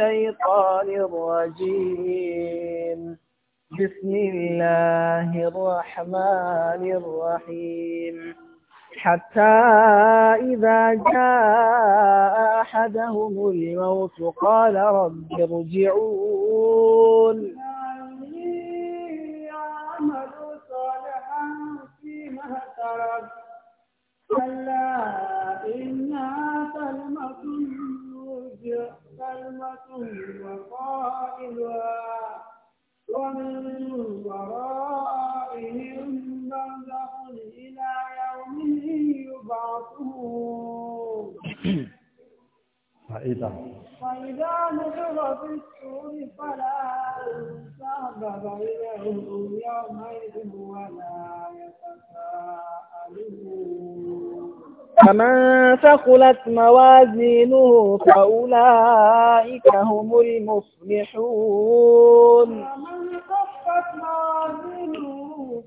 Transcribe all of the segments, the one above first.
الشيطان الرجيم بسم الله الرحمن الرحيم حتى إذا جاء أحدهم الموت قال رب ارجعون كلا إنا سلمكم كلمة وقائلها ومن ورائهم برزخ إلى يوم يبعثون فإذا فإذا نفخ في السور فلا أنساب بينهم يومئذ ولا يتساءلون فمن ثقلت موازينه فأولئك هم المفلحون موازينه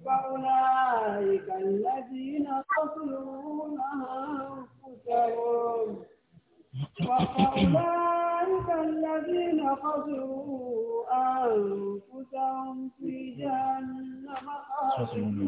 فأولئك الذين خسرون أنفسهم أنفسهم في جهنم خالدون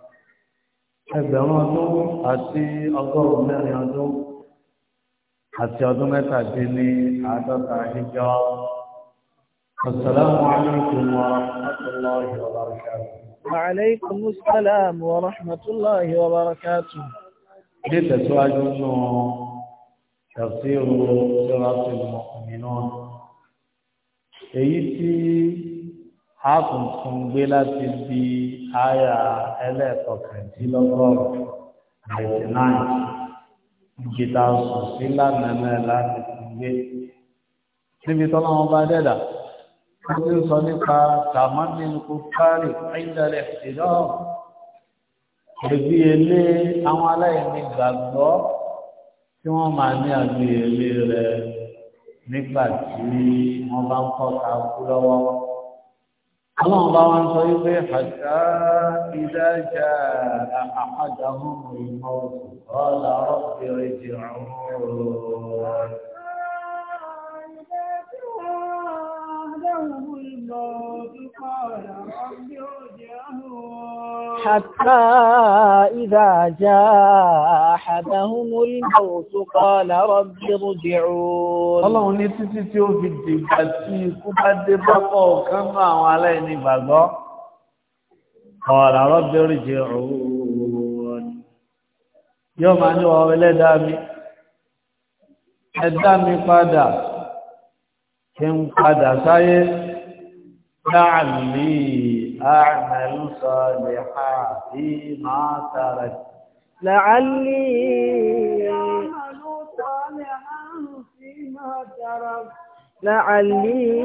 ẹgbẹ̀rún ọdún àti ọgọ́rùn-ún mẹ́rin ọdún àti ọdún mẹ́tàdínní àádọ́ta ìjọ Assalamu alaikum wa rahmatullahi wa barakatuh. Wa alaikum assalam wa rahmatullahi wa barakatuh. Ilé tẹ̀síwájú nù tafsiru Suratul Mu'minun. Èyí tí a kùn tún gbé láti bíi àyà ẹlẹ́ẹ̀kọkàndínlọ́gọ́rùn ninety nine ìgbìta sùn sí lánàá láti gbé níbi tọ́lá wọn bá dẹ́dà ó ti sọ nípa tàmánínú kó fárì ẹ̀ńdẹ̀rẹ̀ ìdọ́rùn ẹbí ilé àwọn aláìní gbàgbọ́ tí wọ́n máa ní àgbé ilé nígbà tí wọ́n bá ń kọ́ ta kú lọ́wọ́. اللهم بارك صيفي حتى إذا جاء أحدهم الموت قال رب ارجعون الصوت قال رب ارجعون حتى إذا جاء أحدهم الموت قال رب ارجعون Ọlọ́run ní títí tí ó fi dìgbà tí ikú bá dé bọ́pọ̀ kan náà àwọn aláìní gbàgbọ́. قال رب ارجعون. Yóò máa ní ọ̀rọ̀ ẹlẹ́dàá mi. Ẹ dá mi padà. Kí n padà sáyé. لعلي أعمل صالحا فيما تركت لعلي أعمل صالحا فيما تركت لعلي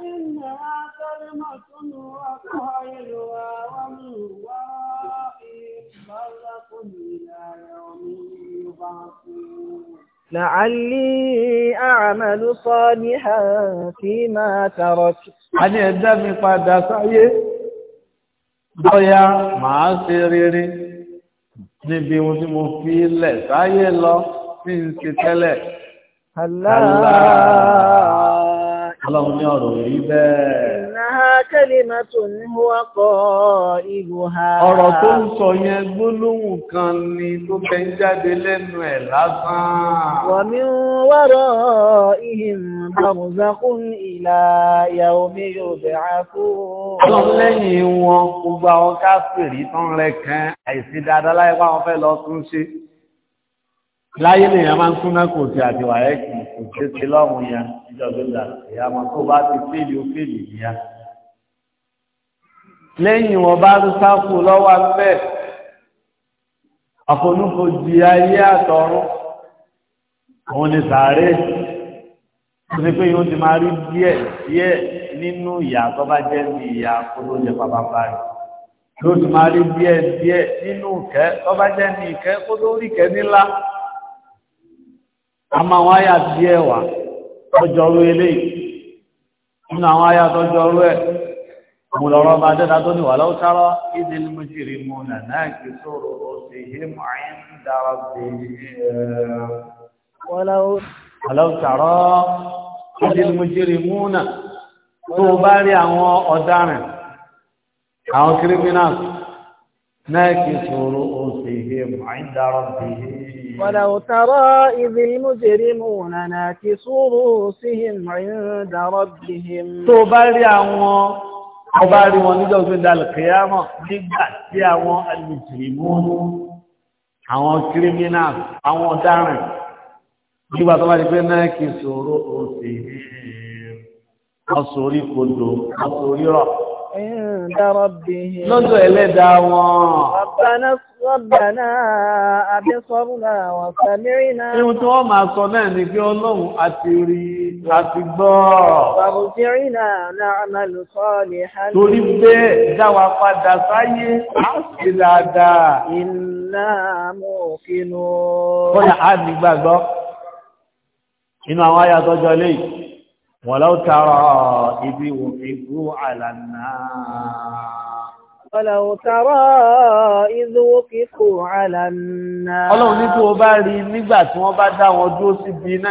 إنها كلمة وقائلها ومن ورائي برق إلى يوم يبعثون لعلي أعمل صالحا فيما تركت àní ẹ̀dá mi padà sáyé bóyá màá ṣe rere níbi ohun tí mo fi lẹ̀ sáyé lọ sí ń ṣe tẹ́lẹ̀. Allah ọlọ́run ní ọ̀rọ̀ rí bẹ́ẹ̀ kalimatun huwa qailuha. ọ̀rọ̀ tó ń sọ yẹn gbólóhùn kan ni tó bẹ ń jáde lẹ́nu ẹ̀ lásán. wa min waraihim barzakhun ila yawmi yub'athun. ọlọ́run lẹ́yìn wọn gbogbo àwọn káfíìrì tán rẹ̀ kan àìsí dáadáa láyé pé àwọn fẹ́ lọ tún ṣe láyé ni èèyàn máa ń kúnná kò tí àti wàyẹ kò tí ti lọ́rùn yẹn ìjọba ìyá ọmọ tó bá ti fèlè ó fèlè yẹn lẹ́yìn wọn bá ń sáfù lọ́wọ́ abẹ́ àfonúfojì ayé àtọ̀run òun ni sàárè tó ti pé yóò ti máa rí díẹ̀ díẹ̀ nínú ìyà tó bá jẹ́ ní ìyà kúrò jẹ bàbá báyìí yóò ti máa rí díẹ̀ díẹ̀ nínú ìkẹ́ tó bá jẹ́ ní ìkẹ́ kó tó rí ìkẹ́ nílá a máa wọ́n ayà díẹ̀ wà ọjọ́rú eléyìí nínú àwọn ayà tọ́jọ́rú ẹ̀ mo lọ́rọ́ bá dẹ́ta tó ní wà lọ́wọ́ sára ìdí ni mo ṣèrè mo nà náà kì í sọ̀rọ̀ ọ̀sẹ̀ yìí mà ń dára àwọn ọ̀daràn àwọn criminals náà kì í ọ̀sẹ̀ yìí ولو ترى إذ المجرمون ناكسوا رؤوسهم عند ربهم. Tó ọba rí wọn níjọ́ tó dalẹ̀ kìyàmọ̀ nígbà tí àwọn alìjìmọ́nú àwọn criminal àwọn ọ̀daràn nígbà tó bá di pé náà kì í sòro òsì ọ̀sọ̀rí kodò ọ̀sọ̀rí rọ̀. عند ربهم لدو إلدا ربنا ربنا أبصرنا وسمعنا Ihun tí wọ́n máa sọ náà ni pé Ọlọ́run àti rí àti gbọ́. Fàrùjìrìnà na'malu salihan. Torí pé dáwà padà sáyé, a sì dáadáa. Inna muqinun. Bọ́yá a nígbàgbọ́. Inú àwọn ayàtọ́jọ́ léyìí. ولو ترى إذ وقفوا على النار ولو ترى إذ وقفوا على النار Ọlọ́run ní tó bá rí nígbà tí wọ́n bá dá wọn dúró síbi iná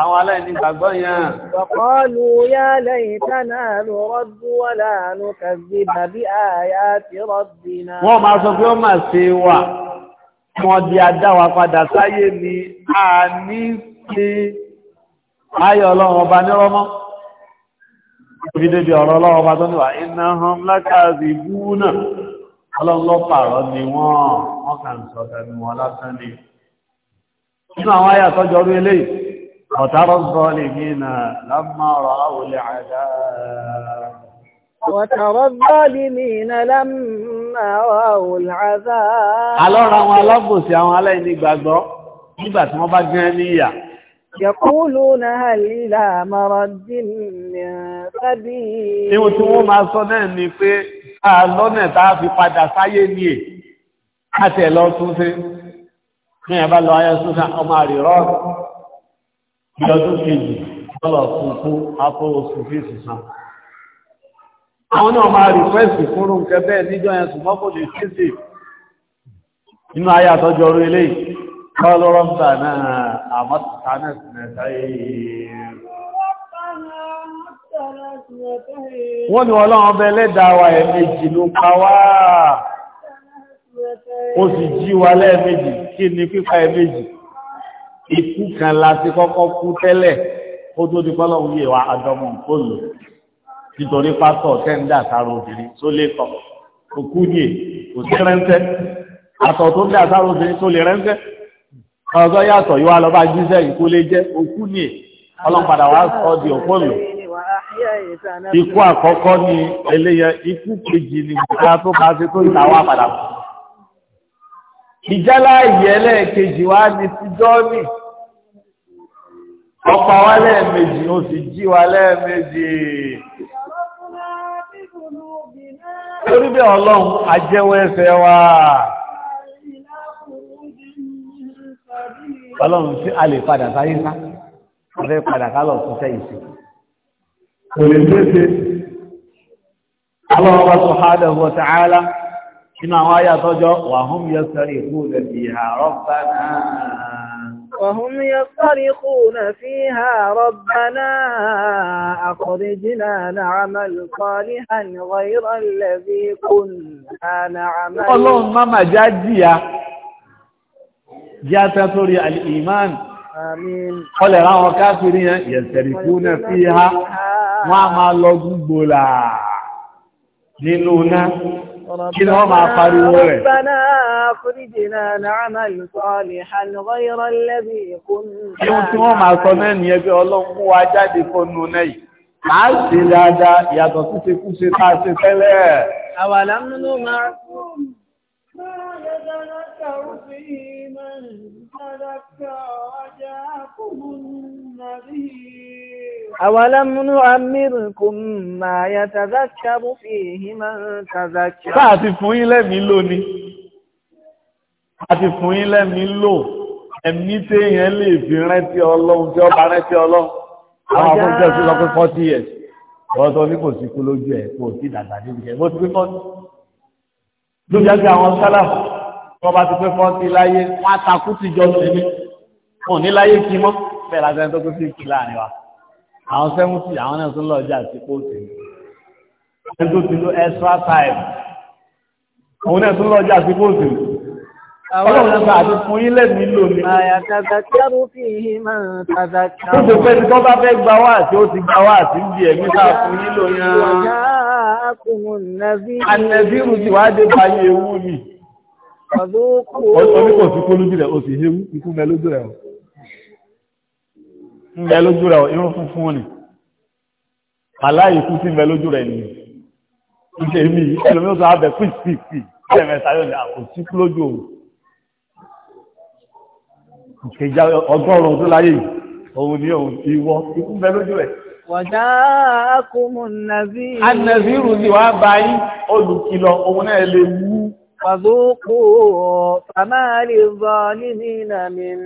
àwọn aláìní gbàgbọ́ yẹn. وقالوا يا ليتنا نرد ولا نكذب بآيات ربنا. Wọ́n máa sọ pé ó máa ṣe wà, wọ́n di adáwa padà sáyé ni, a ní ṣe ayọ̀ ọlọ́run ọba nírọ́mọ́ ibi débi ọ̀rọ̀ ọlọ́run ọba tó níwà iná hàn lákàzì bú náà ọlọ́run lọ pààrọ̀ ni wọ́n wọ́n kà ń sọ tẹnu wọn lásán ni nínú àwọn ayà tọ́jọ́ orí eléyìí ọ̀tárọ̀ sọ́ọ̀lì ní nà lámàrọ̀ àwòlẹ̀ àdá وترى الظالمين لما رأوا العذاب Alọ́ra àwọn alábòsí àwọn aláìní gbàgbọ́ nígbà tí wọ́n bá gẹ́ ní ìyà Yẹ̀kúlùna àlìlà àmàràdín ní sábí. Ihun tí wọ́n máa sọ náà ni pé a lọ́nà tá a fi padà sáyé ní è, a tẹ̀ lọ tún sí. Ní ẹ̀bá lọ ayé súnà ọmọ àrírọ́ bí ọdún kejì lọ́lọ̀ funfun afọ́ oṣù fífi Àwọn náà máa rìkwẹ́sì fúnrún kẹfẹ́ níjọ́ yẹn ṣùgbọ́n kò lè ṣíṣe nínú ayé eléyìí. قالوا ربنا أمتعنا اثنتين wọ́n ni wọ́n lọ́wọ́ bẹ lẹ́dàwà ẹ̀mẹ́jì ló pa wá ó sì jí wa lẹ́ẹ̀mẹ́jì kí ni pípa ẹ̀mẹ́jì ikú kan láti kọ́kọ́ kú tẹ́lẹ̀ ó tó di pọ́lọ́wọ́ yìí wa àjọmọ̀ kó lò nítorí pásọ̀ tẹ́ndà sára obìnrin tó lé kọ́ òkú yìí kò sí rẹ́ńtẹ́ àtọ̀ tó dà sára obìnrin tó lè rẹ́ńtẹ́ ọ̀gọ́ yàtọ̀ yóò wá lọ bá jíṣẹ́ ìkó lè jẹ́ òkú ní è ọlọ́padà wá sọ di òkú lò ikú àkọ́kọ́ ni eléyẹ ikú kejì ni gbogbo tó bá ṣe tó ìta wá padà kù ìjálá ìyẹ́lẹ̀ kejì wá ní ti jọ́ọ̀nì ọ̀pá wa lẹ́ẹ̀mejì ó sì jí wa lẹ́ẹ̀mejì torí bí ọlọ́run ajẹ́wọ́ ẹsẹ̀ wa. ọlọ́run sí a lè padà sáyé sá a fẹ́ padà kálọ̀ fún sẹ́yìn sí kò lè léṣe àwọn ọba subhanahu wa ta'ala inú àwọn ayé àtọ́jọ́ wa hum yasarikhuna fiha rabbana وهم يصرخون فيها ربنا أخرجنا نعمل صالحا غير الذي كنا نعمل اللهم ما جاجيا játa sórí al'iman ọlẹ̀ ráwọn káfìrí yẹn yẹ̀sẹ̀rìkú na fi ha wọ́n a máa lọ gbogbo làá nínú náà kí ni wọ́n máa pariwo rẹ̀ Ìwọ̀n tí wọ́n máa sọ náà ẹgbẹ́ ọlọ́mú wa jáde fónú náà yìí. Máa ṣe dáadáa máa kú. náà kàrú sí حتى رجاكم النذير أولم نعمركم ما يتذكر فيه من تذكر Káàtì fún yín lẹ́mí lò ní. Káàtì fún yín lẹ́mí lò. Ẹ̀mí tí èèyàn lè fi rántí ọlọ́run tí ọba rántí ọlọ́run. Àwọn akọ́jọ́ sí lọ pé forty years. Ọ̀rọ̀ tọ́ba ti pé fọ́ọ̀tì láyé wọ́n á takú ti jọ sẹ́mi wọn ò ní láyé kí mọ́ bẹ́ẹ̀ la sẹ́ni tó kó sí ìkí láàrin wa àwọn sẹ́wọ́ntì àwọn náà tún lọ́ọ́ jà sí kóòtù ẹni tó ti lo extra time òun náà tún lọ́ọ́ jà sí kóòtù ọlọ́run náà bá àti fún yín lẹ́nu nílò ní. àyàtàtà tí a rò fi yìí máa tàtà kà. ó ti pẹ́ ní tọ́ bá fẹ́ gba wá àti ó ti gba wá àti ń di ẹ̀mí sáà fún yín lóyún. ànàbírù ti wá dé báyé ewu mi. Omi kò sí kó lójú rẹ̀, o sì hewu, ikú mẹ lójú rẹ̀ o. Ń bẹ lójú rẹ̀ o, irun funfun ni. Aláìkú sí mẹ lójú rẹ̀ ni. Ìṣe mi, ẹlòmí ó sọ abẹ pìpìpì, ẹ̀ mẹ́ta yóò ní àkó sí kú lójú òun. Ìkẹjà ọgọ́rùn-ún tó láyé yìí, òun ni òun ti wọ́, ikú mẹ lójú rẹ̀. Wàjá akúmù nàzírù. Anàzírù ni wàá bá yín olùkìlọ̀, òun náà lè wú فذوقوا فما للظالمين من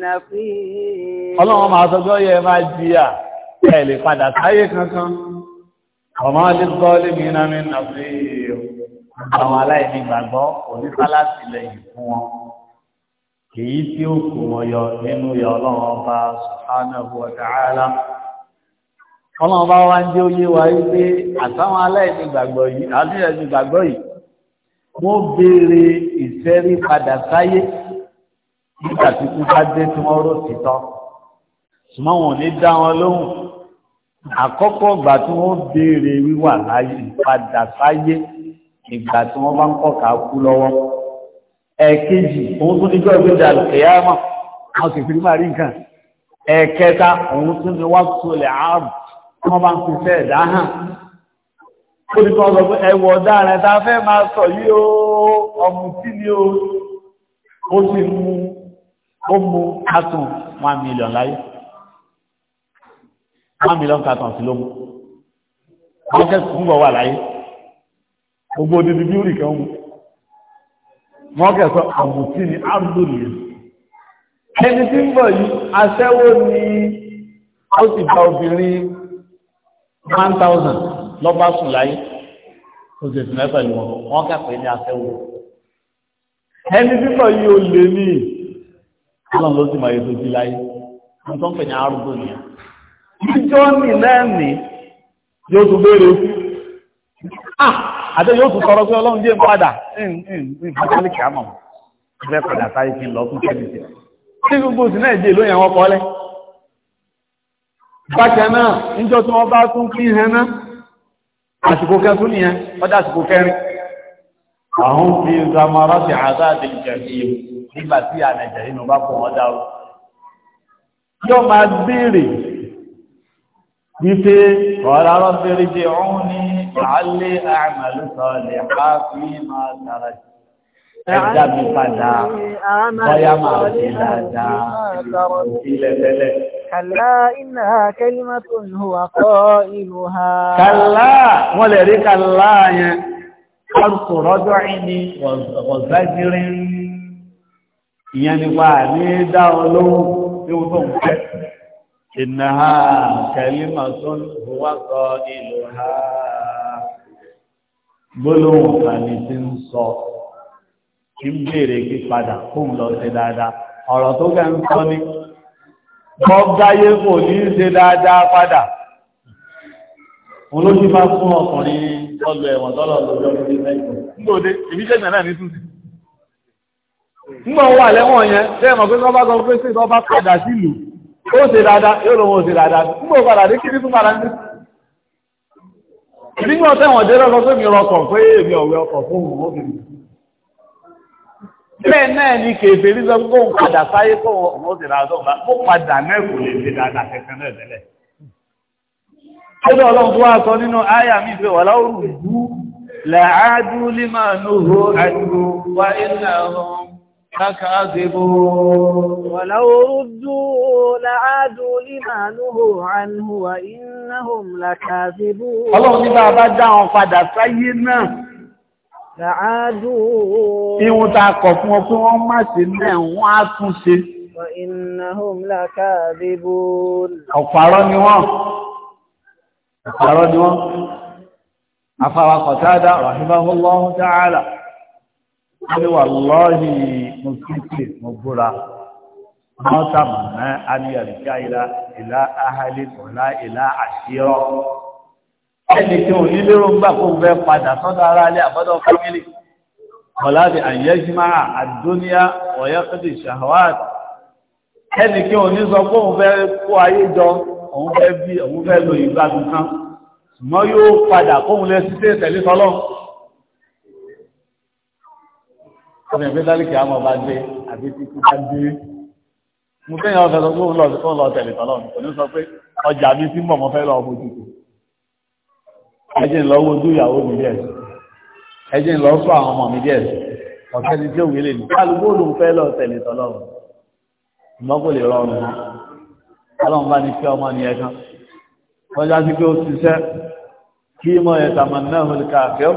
نفير ọlọ́run máa sọ pé ó yẹ máa jìyà ẹ lè padà sáyé kankan ọmọ alẹ́sọ́ọ́lẹ́mí náà mi nà sí àwọn aláìní gbàgbọ́ onísálàsì lẹ́yìn fún wọn kìí tí ó kù wọn yọ nínú yọ ọlọ́run ọba subhanahu wa ta'ala ọlọ́run ọba wa ń jẹ́ òye wa wípé àtàwọn aláìní gbàgbọ́ yìí àti ẹ̀sìn gbàgbọ́ yìí wọ́n béèrè ìsẹ́rí padà sáyé nígbà tí kú bá dé tí wọ́n rò títọ́ ṣùgbọ́n wọn ò ní dá wọn lóhùn àkọ́kọ́ ìgbà tí wọ́n béèrè wíwà láyé padà sáyé ìgbà tí wọ́n bá ń kọ̀ka kú lọ́wọ́ ẹ̀ẹ̀kejì òun tún níjọ́ ìgbéjà ẹ̀yà mọ̀ wọn sì fi máa rí nǹkan ẹ̀ẹ̀kẹta òun tún ni wọ́n tún lè ààbò tí wọ́n bá ń fi fẹ́ẹ̀ dá hàn ó ní kan sọ pé ẹ̀wọ̀ ọ̀daràn ta fẹ́ máa sọ yí o ọmùtí ni o ó sì mú ó mú carton one million láyé one million carton sí ló mú market fúnbọ̀ wà láyé gbogbo odidi bí orí kan mú market sọ ọmùtí ni abdul ẹni tí ń bọ̀ yìí aṣẹ́wó ni ó sì gba obìnrin one thousand lọ́ba sùn láyé ó sì sùn mẹ́fà ìwọ̀n wọ́n kàpé ní afẹ́wò ẹni fífọ̀ yìí ó lè ní ọlọ́run ló sì máa yẹ sojú láyé wọ́n tó ń pè ní arúgbó nìyẹn ìjọ ní lẹ́ẹ̀mí yóò tún béèrè ah! àti yóò tún sọ̀rọ̀ pé ọlọ́run dé ń padà ìfọ̀kálìkì àmọ̀ ìfẹ́ padà sáyé kí n lọ fún kẹ́mìtì tí gbogbo òsì náà dé lóyìn àwọn kọ́lẹ́ bákan náà níjọ́ tí wọ́n bá tún kí hẹ́ná àsìkò kẹtún nìyẹn ọdá àsìkò kẹrin àwọn fi zamara ti àzáàdì ìjẹ̀yìn nígbà tí ànàjẹ̀ inú bá pọ̀ wọ́n dáró yóò máa béèrè wípé ọ̀rọ̀ arọ́bẹ̀rẹ̀ jẹ́ òun ní àálẹ́ àmàlú كلا إنها كلمة هو قائلها كلا ولري كلا حرف رجع وزجر يعني وعني دولو يوضم إنها كلمة هو قائلها gbólóhùn kàní tí ń sọ kí ń béèrè kí padà fún lọ sí dáadáa ọ̀rọ̀ tó gẹ́ ń sọ ní gbọ́gbáyé kò ní í ṣe dáadáa padà olóṣù máa fún ọkùnrin ọlọ ẹ̀wọ̀n tọ́lọ̀ lọ́jọ́ lórí mẹ́jọ nígbòde èmi ṣẹ̀ṣẹ̀ náà ní túnṣe nígbà wà lẹ́wọ̀n yẹn bẹ́ẹ̀ mọ̀ pé tí wọ́n bá sọ pé tí wọ́n bá padà sílùú ó ṣe dáadáa yóò lọ́wọ́ ó ṣe dáadáa nígbà padà dé kiri tún padà ní. ìdí ní ọ̀sẹ̀ wọ̀n dé lọ́sọ pé mi rọkọ̀ pé èmi ọ̀wẹ́ ọkọ̀ fún òun ó fi bẹ́ẹ̀ náà ni kèfèrí sọ kó ń padà sáyé kó ọmọ òsì láàrín ọ̀la kó padà náà kò lè ṣe dáadáa kẹkẹ náà tẹ́lẹ̀. Ọdọ̀ ọlọ́run tó wá sọ nínú àyà mi pé wà láwùrù bú làádú límà nóhó àdúgbò wá ilẹ̀ ọ̀run kákàdébò. Wà láwùrù bú làádú límà nóhó àdúgbò wá ilẹ̀ ọ̀run kákàdébò. Ọlọ́run ní bá a bá dá wọn padà sáyé náà. Ihun ta kọ̀ fún ọ pé wọ́n má ṣe náà wọ́n á tún ṣe. Ọ̀pàrọ̀ ni wọ́n. Ọ̀pàrọ̀ ni wọ́n. Afáwa Qatada, rahimahullahu ta'ala. Wọ́n ni wallahi mo kíkè mo búra. Wọ́n tàbí náà á ní àríkà ìlà ìlà ìlà àṣírọ́ ẹni tí ò ní lérò gbà kó fẹ́ padà sọ́dọ̀ ara alẹ́ àbọ́dọ̀ fámílì ọ̀láàdì àyẹ́jìmá àdúníà ọ̀yẹ́kọ́dì ṣàwáàd ẹni tí ò ní sọ pé òun fẹ́ kó ayé jọ òun fẹ́ bí òun fẹ́ lo ìgbádùn kan ṣùgbọ́n yóò padà kóhun lẹ sí tẹ́ tẹ̀lé tọ́lọ́ ọmọ ìgbé dálíkì àmọ́ bá dé àbí tí kú bá dé mo fẹ́yàn ọ̀fẹ́ sọ pé lọ sí fún lọ tẹ̀lé tọ́lọ́ lọ ọmọ òjòjò ẹjẹ́ ń lọ wojú ìyàwó mi díẹ̀ ẹjẹ́ ń lọ sọ àwọn ọmọ mi díẹ̀ ọ̀fẹ́ ni tí ó wílé ní kálukú olùfẹ́ lọ tẹ̀lé tọ́lọ́run ìmọ́kò lè rọrùn mọ́ ọlọ́run bá ní kí ọmọ ni ẹ kan kọjá sí pé ó ṣiṣẹ́ kí mọ̀ ẹ̀ tàmánì náà lè ka àfẹ́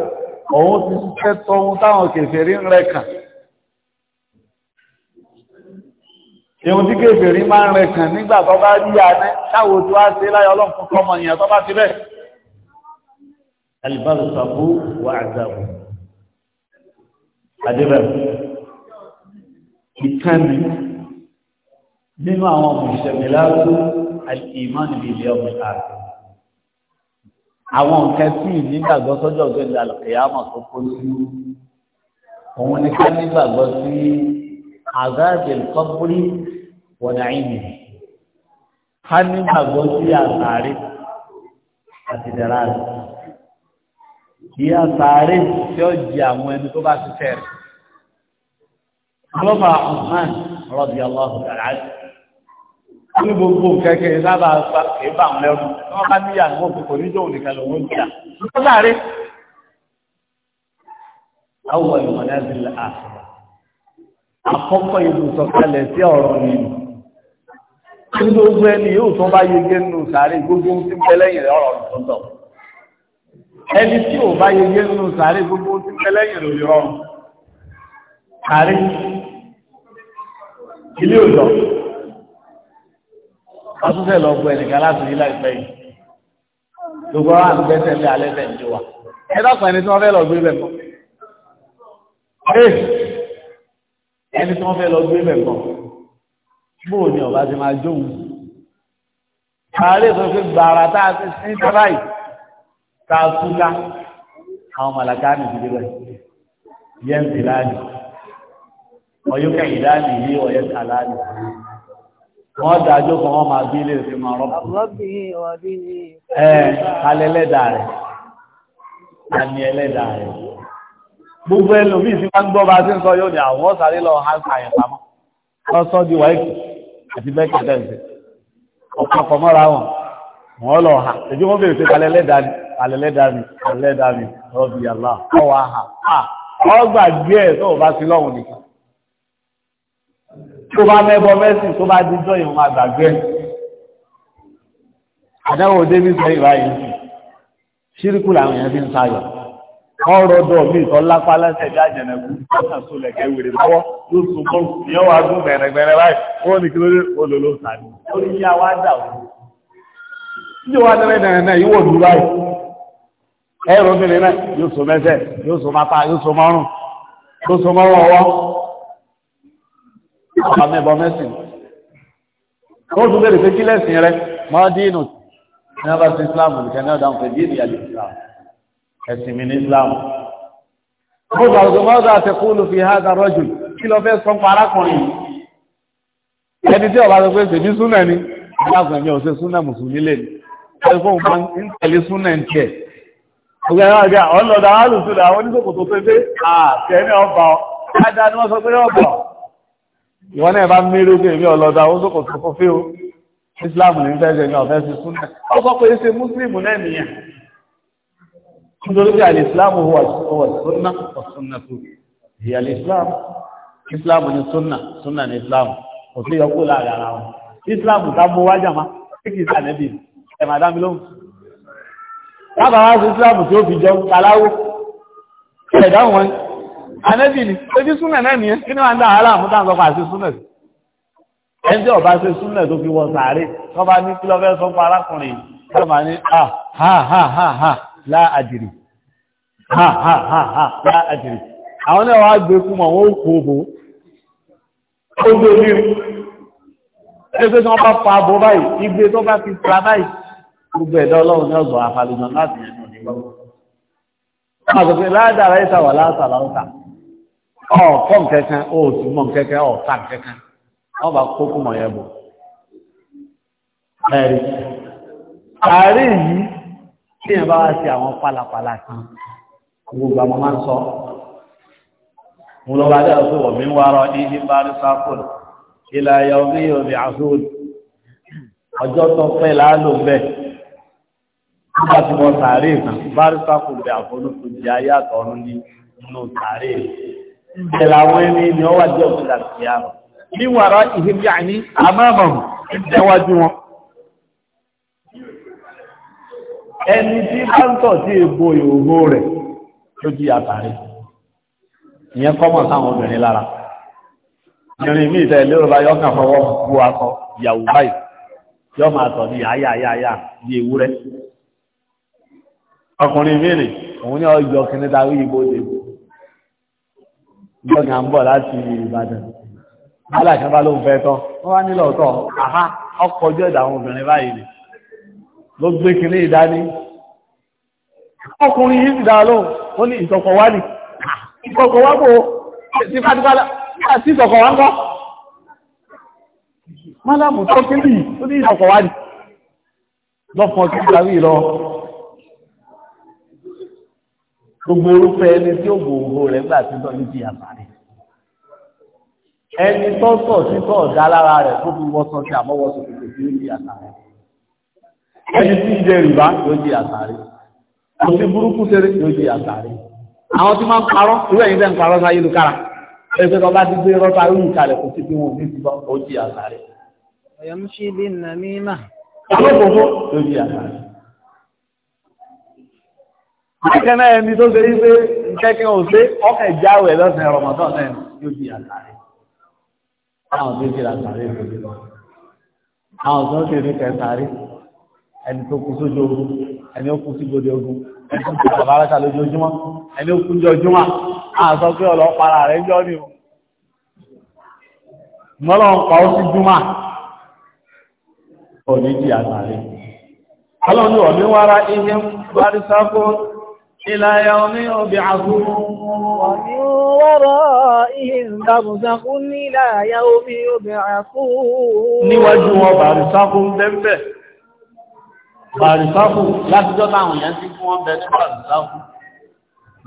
òun ti ṣiṣẹ́ tọ́hun táwọn kèfèrí ń rẹ̀ kàn ìhun tí kèfèrí máa ń rẹ̀ kàn nígbà tó bá rí àná táwọn ojú á ṣe láyọ̀ ọlọ́run fún kọ́mọ alibarusaku wà àzàwò àdébẹ ìtàní nínú àwọn mùsùlùmíláàtú alìmánì ilé ọmọ ìtàkì àwọn nǹkan tí ìnígbàgbọ́ sọ́jọ́ gbẹ̀dẹ̀ àlùkìyàmọ̀ tó kó sí òun ni ká nígbàgbọ́ sí àgáàdì kọ́búrí wọ̀nà ìmì ká nígbàgbọ́ sí àtàrí àti dàrá rẹ̀ ìyá sàárè tí ó jẹ àwọn ẹni tó bá ti fẹ́ rẹ̀. Ọlọ́pàá Osman rọ̀bì ọlọ́run dàrá sí. Wọ́n ní gbogbo kẹ́kẹ́ sábà kì í bà wọn lẹ́rù. Wọ́n bá níyà ní òkú kò ní jòwò nìkan lòun ń jà. Ó sáré. Àwọn ìmọ̀lẹ́ ti lè àṣà. Àkọ́kọ́ ibùsọ̀kalẹ̀ sí ọ̀rọ̀ nìyí. Gbogbo ẹni yóò tún bá yege nù sáré gbogbo ń ti bẹ lẹ́yìn rẹ̀ ọ̀rọ̀ tuntun ẹni tí ò bá yẹ yẹnu sàárè gbogbo tí tẹ́lẹ́yìn rò lè rọrùn sàárè ilé òjò ọtúnṣe lọ bu ẹnìkan láti rí láìpẹ́ yìí gbogbo wa ń gbẹ́sẹ̀ lé alẹ́ bẹ̀ ń jọ wa ẹ dọ́kun ẹni tí wọ́n fẹ́ lọ gbé bẹ̀ mọ́ ẹni tí wọ́n fẹ́ lọ gbé bẹ̀ mọ́ bóò ni ọba ti máa jóun sàárè tó fi gbàrà tá a ti sin tẹ́lá tààtúká àwọn màlàká ní ìdílé rẹ̀ yẹn ti láàánì ọ̀yọ́kẹ́ ìdáàní yìí ọ̀yẹ́ tààláàní wọ́n dájọ́ kan wọ́n máa bí ilé ìfẹ́ máa rọ́pù ẹ̀ alẹ́lẹ́dà rẹ̀ àmì ẹlẹ́dà rẹ̀ gbogbo ẹlòmíì sí máa ń gbọ́ bá sí ń sọ yóò ní àwọn ọ̀sàrí lọ hánṣà yẹn pamọ́ lọ́sọ́ di wáìkì àti bẹ́ẹ̀kì tẹ̀sí ọ̀pọ̀ wọn wọ́n lọ hà èdè wọ́n bèèrè pé kalẹ́lẹ́dà ni alẹ́lẹ́dà mi alẹ́lẹ́dà mi rọ́bì àlá ọwọ́ àhà à ọgbà gbé ẹ̀ tó bá sí lọ́hùn nìkan tó bá mẹ́bọ mẹ́sìn tó bá díjọ́ ìwọ̀n máa gbàgbé àdáwò débi sẹ́yìn báyìí ṣíríkù làwọn èèyàn fi ń sayọ̀ ọrọ̀ ọdọ̀ mi ìtọ́ lápá lẹ́sẹ̀ bí àjẹ̀nẹ̀kú ọ̀sán tó lẹ̀kẹ́ wèrè lọ́wọ́ ló sùn mọ́ ìyẹn wà gún bẹ̀rẹ̀gbẹ̀rẹ̀ báyìí wọ́n ní kí ló dé olólùsàn ní orí yá wá dà ó. Ìjọba tẹ́lẹ̀ dẹ̀rẹ̀ náà yíwọ̀ dúró báyìí ẹ̀rọ obìnrin náà yóò so mẹ́sẹ̀ yóò so máa pa yóò so mọ́rùn yóò so mọ́rùn ọwọ́ ọba mẹ́bọ mẹ́sìn ó tún bèrè pé kí lẹ́sìn rẹ mọ́ dínù ní wọ́n bá sí Islam nìkan náà dáhùn pé dínù yà lè Islam ẹ̀sìn mi ní Islam ó tún àwọn ọmọdé àtẹkùlù fi hàn án rọ́jù kí lọ fẹ́ sọ pa arákùnrin yìí ẹni tí ọba sọ pé ṣèbí súnà ni alákùnrin mi ò ṣe súnà mùsùlùmí lè ní ẹni fóun bá ń tẹ̀lé súnà ń tiẹ̀ Ọgbẹ̀rẹ̀ ọlọ́dà alùsùlẹ̀ àwọn oníṣòkòtò tó pé àtẹ́ ní ọba ọ̀. Ádá ni wọ́n sọ pé ọba. Ìwọ́n náà bá mérú pé èmi ọlọ́dà oníṣòkòtò tó fẹ́ o. Islam ní fẹ́jẹ̀ ní ọ̀fẹ́ sí súnlẹ̀. Ó sọ pé ṣe Mùsùlùmí náà nìyẹn. Nítorí pé Al-Islam huwa súnà ọ̀sùnà tó. Ìyà Al-Islam. Islam ni súnà, súnà ni Islam. Kò sí yọkú láàrin ara wọn. Islam tá lábà wá sí islam tí ó fi jọ aláwó ẹ̀dá wọn anẹ́bì ni ojú súnà náà nìyẹn kí ni wọ́n ń dá àárá àmúta ń sọpá sí súnà sí ẹni tí ọba ṣe súnà tó fi wọ sàárè tọ́ba ní kí lọ́fẹ́ sọ fún arákùnrin tọ́ba ní ah, ha ha ha ha lá àdìrí ha ha ha ha lá àdìrí àwọn náà wàá gbé kú mọ̀ wọ́n ó kó bò ó gbé ní ẹgbẹ́ tí wọ́n bá pa bó báyìí igbe tó bá ti pa báyìí gbogbo ẹ̀dá ọlọ́run ní ọ̀gbọ̀n àfàlùmọ̀ láti ẹnu ìlọ́wọ́. wọ́n àgbẹ̀ pé ládàá ẹ̀ta wà látà láwùtà ọ̀pọ̀ òòtù mọ̀ nkẹ́kẹ́ ọ̀tà nkẹ́kẹ́ ọba kókó mọ̀ yẹ bọ̀. ẹ̀rí ààrẹ yìí tí yẹn bá wá sí àwọn pálapàla kan gbogbo àwọn máa ń sọ mo lọ bá dé ọ̀sùn wọ̀ mí wárọ ní ní bárí ọjọ́ tó pẹ́ láàlú bẹ́ẹ̀ nígbà tí wọ́n sàárè kan bárísà kò bẹ àfọlùkù di ayé àtọ̀run ní inú sàárè ìbẹ̀ làwọn ẹni ni wọ́n wà jẹ́ òkúta sí àrùn ní wàrà ìhìbí àní àmọ́mọ́ ìdẹ́wájú wọn. ẹni tí bá ń tọ̀ sí ègbò ìhòòhò rẹ̀ ló di àtàrí ìyẹn kọ́mọ̀ sáwọn obìnrin lára ìrìn mí ìtẹ̀ lérò bá yọ́kàn fọwọ́ bu akọ ìyàwó báyìí yọ́ máa tọ̀ ní àyà àyà ewúrẹ́ ọkùnrin mìíràn òun ní ọjọ́ kìíní ta rí ìbò dé ìjọgà ń bọ̀ láti Ìbàdàn aláìsàn bá lóun fẹ́ tán wọ́n wá nílò ọ̀tọ̀ àhá ọkọ̀ ojú ẹ̀dà àwọn obìnrin báyìí ni ló gbé kìíní ìdání ọkùnrin yìí sì dá lóhùn ó ní ìtọ̀kọ̀ wá nì ah, ìtọ̀kọ̀ wá bò sí fàdúgbàlá sí ìtọ̀kọ̀ wá ń kọ́ mọ́lámù tó kéde yìí ó ní ìtọ̀kọ̀ wá nì lọ́pọ̀ kí gbogbo orúfẹ́ ẹni tí ó gbòòrò rẹ̀ gbà tí tọ́ ní ti àbárẹ̀ ẹni tó tọ̀ sí tọ̀ dá lára rẹ̀ tó fi wọ́sọ sí àmọ́wọ́sọ kò sí ní ti àtàrẹ̀ ẹni tí ń jẹ rìbá yóò di àtàrẹ̀ kò sí burúkú sẹ́rẹ̀ yóò di àtàrẹ̀ àwọn tí máa ń parọ́ irú ẹ̀yin tẹ́ ń parọ́ sáyé lu kára tó bá ti gbé rọ́ta irú ìkàlẹ̀ kò sí pé wọn ò ní ti bọ́ ó di àtàrẹ̀. ọ̀yọ́mùsí bí nàmímà. Akẹ́nà ẹni tó ṣe yí pé kẹ́kẹ́ ò ṣe ọkẹ̀ jáwé lọ́sẹ̀ Ramadan náà yóò di àtàrí. Àwọn tó ṣe àtàrí tó ṣe lọ. Àwọn tó ṣe ní kẹtàrí. Ẹni tó kú sójú ogun, ẹni ó kú sí gbòdì ogun, ẹni tó kú bàbá aláta lójoojúmọ́, ẹni ó kú jọjúmọ́. À sọ pé ọlọ́pàá rẹ̀ jọ́ ni o. Mọ́lọ́ ń pa ó sí Júmọ́. Òní di àtàrí. Ọlọ́run ni ọ̀mí wára ihe ń sáfún إلى يوم يبعثون ومن ورائهم برزخ إلى يوم يبعثون níwájú wọn bàrìsáfù ń bẹ ńbẹ̀ bàrìsáfù látijọ́ táwọn èèyàn ti fún wọn bẹ ní bàrìsáfù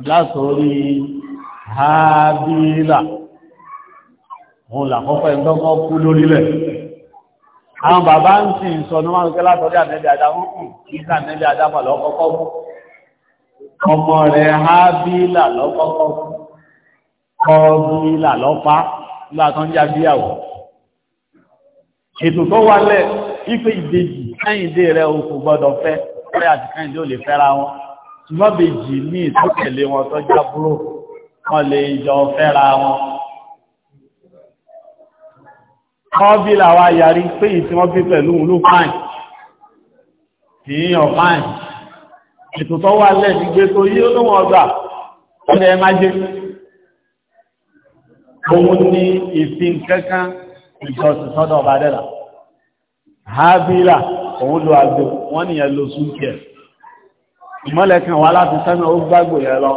látòrí hábílà wọn làkọ́kọ́ ẹni tọ́kọ́ kú lórílẹ̀ àwọn bàbá ń sì sọ ní wọn kẹ́lá tọ́jú ànẹ́bí adámọ́kù kí sí ànẹ́bí adámọ́ lọ́kọ́kọ́ mú ọmọ rẹ̀ hábílà lọ́kọ́kọ́ kọ́bílà lọ́pá nígbà tó ń já bíyàwó ètò tó wà lẹ̀ ife ìbejì kẹ́yìndé rẹ̀ o kò gbọ́dọ̀ fẹ́ fẹ́ àti kẹ́yìndé ò lè fẹ́ra wọn ṣùgbọ́n bejì ní ìtọ́kẹ̀lé wọn tó já búrò wọn lè jọ fẹ́ra wọn kọ́bílà wa yarí pé ìtí wọ́n pẹ̀lú òun ló fáìn kì í yàn fáìn ìtùtọ́ wà lẹ́ẹ̀dì gbé tó yí olóhùn ọgbà ọdẹ ẹmájé òun ni ìfin kankan ìjọsìn sọ́dọ̀ ọba dẹ́là hábílà òun lo àgbò wọ́n nìyẹn lo súnkẹ̀ ìmọ́lẹ̀ kan wá láti sẹ́nà ó gbàgbò yẹ lọ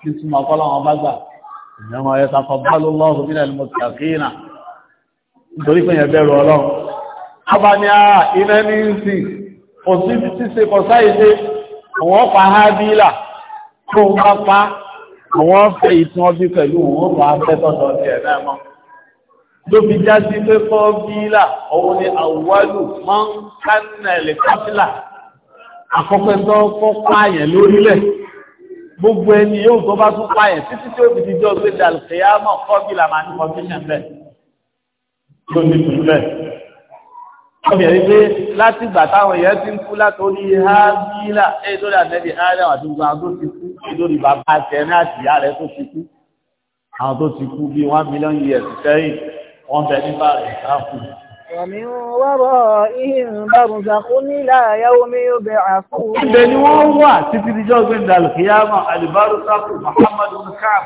kí túnmọ̀ kọ́lọ́wọ́n bá gbà ìyẹmọ̀ ẹ̀ àwọn pa hábílà tó ń bá pa àwọn fẹ́ ìtún ọbí pẹ̀lú òun pa afẹ́tọ̀tọ̀ ti ẹ̀ náà mọ́ ló fi já sí pé fọ́ bílà òun ni àwọ̀lù máa ń kánẹ̀lì káfílà àkọ́kọ́ tó kọ́ pààyàn lórílẹ̀ gbogbo ẹni yóò tó bá tún pààyàn títí tí ó fi ti jọ gbé dàlùkẹ́yà mọ̀ kọ́ bílà máa ní kọ́míṣẹ̀ bẹ́ẹ̀ obìnrin pé láti ìgbà táwọn èèyàn ti ń kú látòrí hábílà ẹ̀ lórí àtẹ́bí áádà àti gbogbo àwọn tó ti kú lórí bàbá tẹ̀rín àti ìyá rẹ̀ tó ti kú àwọn tó ti kú bíi one million years sẹ́yìn wọ́n bẹ nípa rẹ̀ káàkù. Ọ̀mí wọ́rọ̀ ihìn bàbùsàkú nílà ayáwó mi yóò bẹ àkú. Ibẹ̀ ni wọ́n wà títí díjọ́ gbẹ̀ndà Alkiyama Alibarusaku Muhammadu Kaab.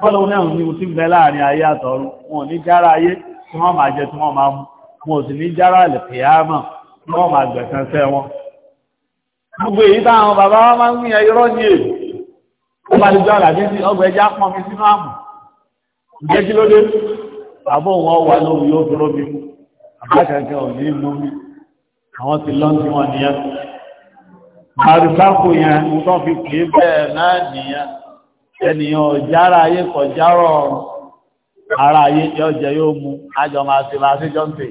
Bọ́lá oní àwọn onímọ̀ tí bẹ láàrin ayé àtọ̀run, wọn ní jára ayé tí wọ́n máa jẹ tí wọ́n máa mú wọn ò sì ní jára lè pè á mọ̀ wọ́n máa gbẹ̀sán sẹ́ wọn. gbogbo èyí táwọn bàbá wa máa ń gbìyàn irọ́ ní èyí ó bá lè jọ àlàdé sí ọgbà ẹja pọn mi sínú àmù ìjẹ́ kí ló dé bàbá òun wà lóhùn yóò dúró mi bàbá ò ní mú mi àwọn ti lọ́n tí wọ́n nìyẹn àrùsákò yẹn ń tán fi pè é bẹ́ẹ̀ náà nìyẹn ènìyàn jára ayé kọjárọ̀ ara ayé yóò jẹ yóò mú ájọ máa ṣe máa ṣe jọ́ǹtẹ̀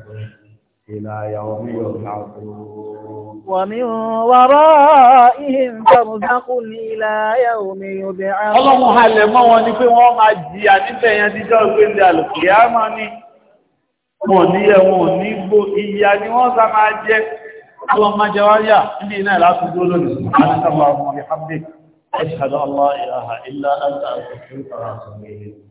إلى يوم يبعثون ومن ورائهم برزخ إلى يوم يبعثون Ọlọ́run halẹ̀ mọ́ wọn ní pé wọ́n máa jìyà níbẹ̀ yẹn díjọ́ ìgbéǹde àlùkìyámà ni wọ́n ní ẹ̀wọ̀n ní gbó ìyà ni wọ́n sá máa jẹ́ Ọlọ́run máa jẹ wáyà níbi ọmọ ìhábẹ́ ẹ̀ṣàdọ́ Allah ìlàhà ìlà àti àkùnrin